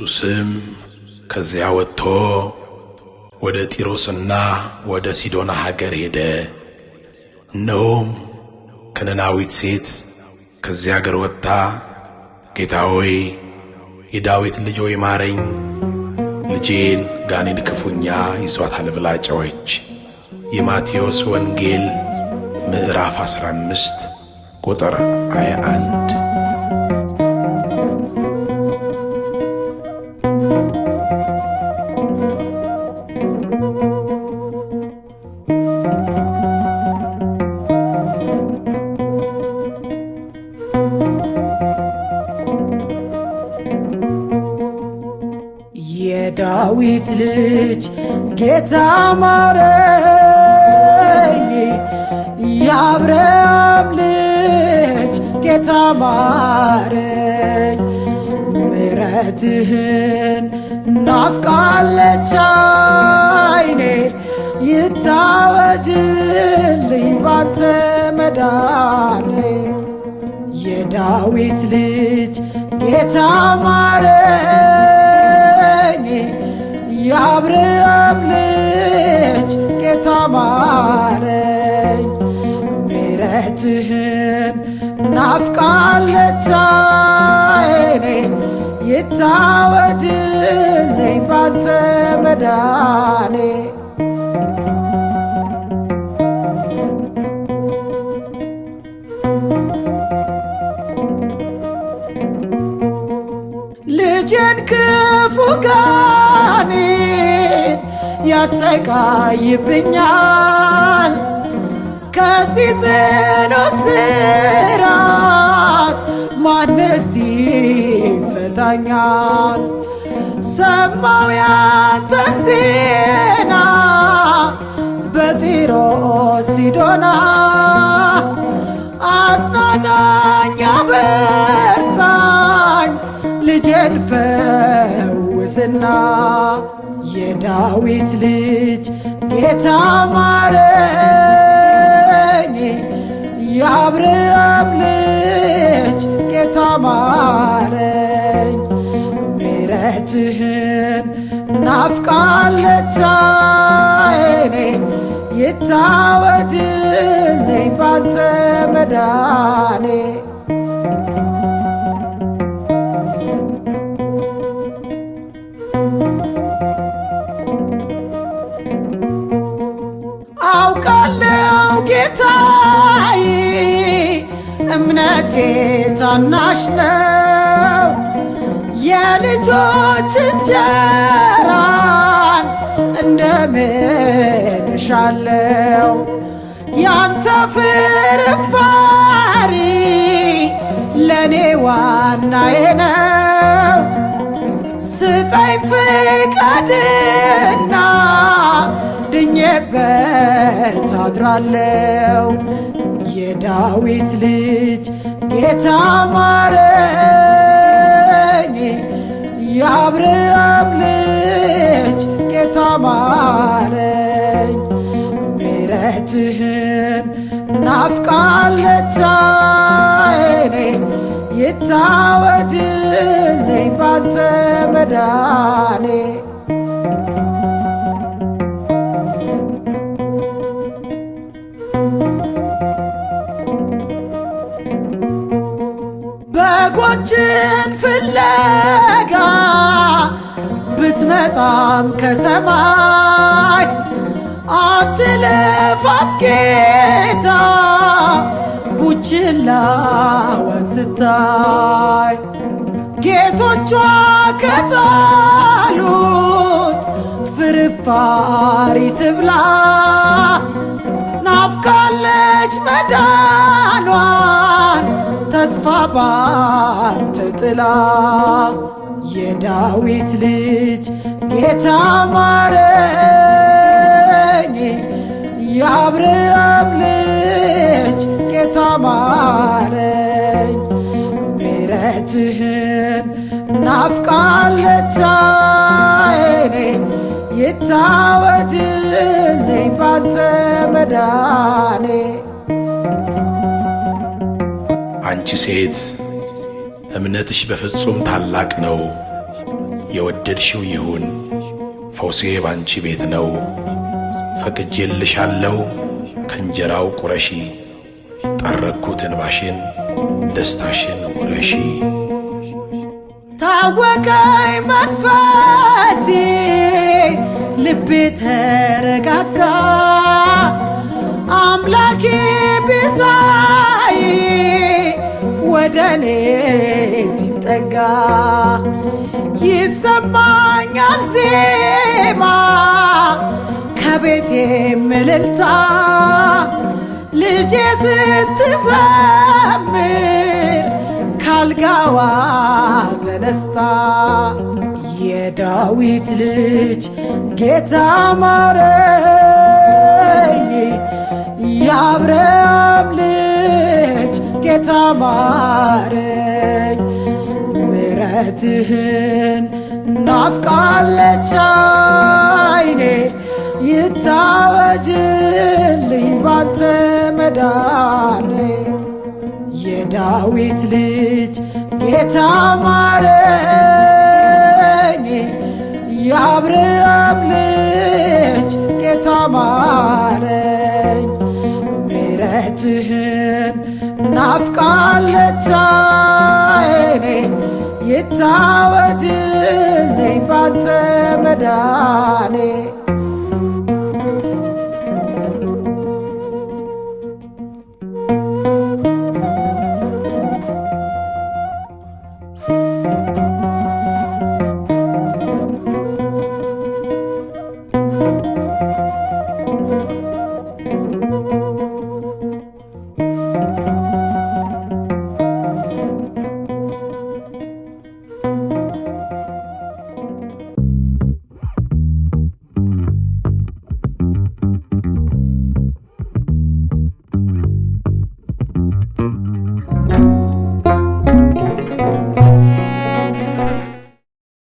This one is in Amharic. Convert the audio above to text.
ኢየሱስም ከዚያ ወጥቶ ወደ ጢሮስና ወደ ሲዶና ሀገር ሄደ። እነሆም ከነናዊት ሴት ከዚያ ሀገር ወጥታ ጌታ ሆይ የዳዊት ልጅ ሆይ ማረኝ፣ ልጄን ጋኔን ክፉኛ ይዟታል ብላ ጮኸች። የማቴዎስ ወንጌል ምዕራፍ 15 ቁጥር 21 ዳዊት ልጅ ጌታ ማረኝ፣ የአብርሃም ልጅ ጌታ ማረኝ። ምሕረትህን ናፍቃለች ዓይኔ ይታወጅልኝ ባንተ መዳኔ። የዳዊት ልጅ ጌታ ማረኝ የአብርሃም ልጅ ጌታ ማረኝ። ምሕረትህን ናፍቃለች ዓይኔ ይታወጅልኝ ባንተ መዳኔ ክፉ ጋኔን ያሰቃይብኛል ከዚህ ጽኑ ስራት ማንስ ይፈታኛል? ሰማው ያንተን ዜና በጢሮስ ሲዶና አጽናናኛ በርታ ልጄን ፈውስና የዳዊት ልጅ ጌታ ማረኝ የአብርሃም ልጅ ጌታ ማረኝ ምሕረትህን ናፍቃለች ዓይኔ ይታወጅልኝ ባንተ መዳኔ በእምነቴ ታናሽ ነው የልጆች እንጀራን እንደምን እሻለው ያንተ ፍርፋሪ ለእኔ ዋናዬ ነው። ስጠኝ ፍቃድና ድኜበት አድራለው የዳዊት ልጅ ጌታ ማረኝ፣ የአብርሃም ልጅ ጌታ ማረኝ። ምሕረትህን ናፍቃለች ዓይኔ ይታወጅልኝ ባንተ መዳኔ በጎችን ፍለጋ ብትመጣም ከሰማይ አትለፋት ጌታ ቡችላዋን ስታይ ጌቶቿ ከጣሉት ፍርፋሪ ትብላ ናፍቃለች መዳ ተስፋ ባንተ ጥላ የዳዊት ልጅ ጌታ ማረኝ፣ የአብርሃም ልጅ ጌታ ማረኝ። ምሕረትህን ናፍቃለች ዓይኔ ይታወጅልኝ ባንተ መዳኔ አንቺ ሴት እምነትሽ በፍጹም ታላቅ ነው፣ የወደድሽው ይሁን፣ ፈውሴ ባንቺ ቤት ነው፣ ፈቅጄልሻለሁ፣ ከእንጀራው ቁረሺ፣ ጠረግኩት እንባሽን፣ ደስታሽን ውረሺ። ታወቀኝ መንፈሴ ልቤ ተረጋጋ አምላኬ ወደ ሲጠጋ ይሰማኛል ዜማ ከቤቴም እልልታ ልጄ ስትዘምር ካልጋዋ ተነስታ የዳዊት ልጅ ጌታ ማረኝ ያብረ ጌታ ምረትህን ምሕረትህን ናፍቃለች ዓይኔ ይታወጅልኝ ባንተ መዳኔ። የዳዊት ልጅ ጌታ ማረኝ፣ የአብርሃም ልጅ ጌታ ማረኝ፣ ምሕረትህን ናፍቃለች ዓይኔ ይታወጅልኝ ባንተ መዳኔ thank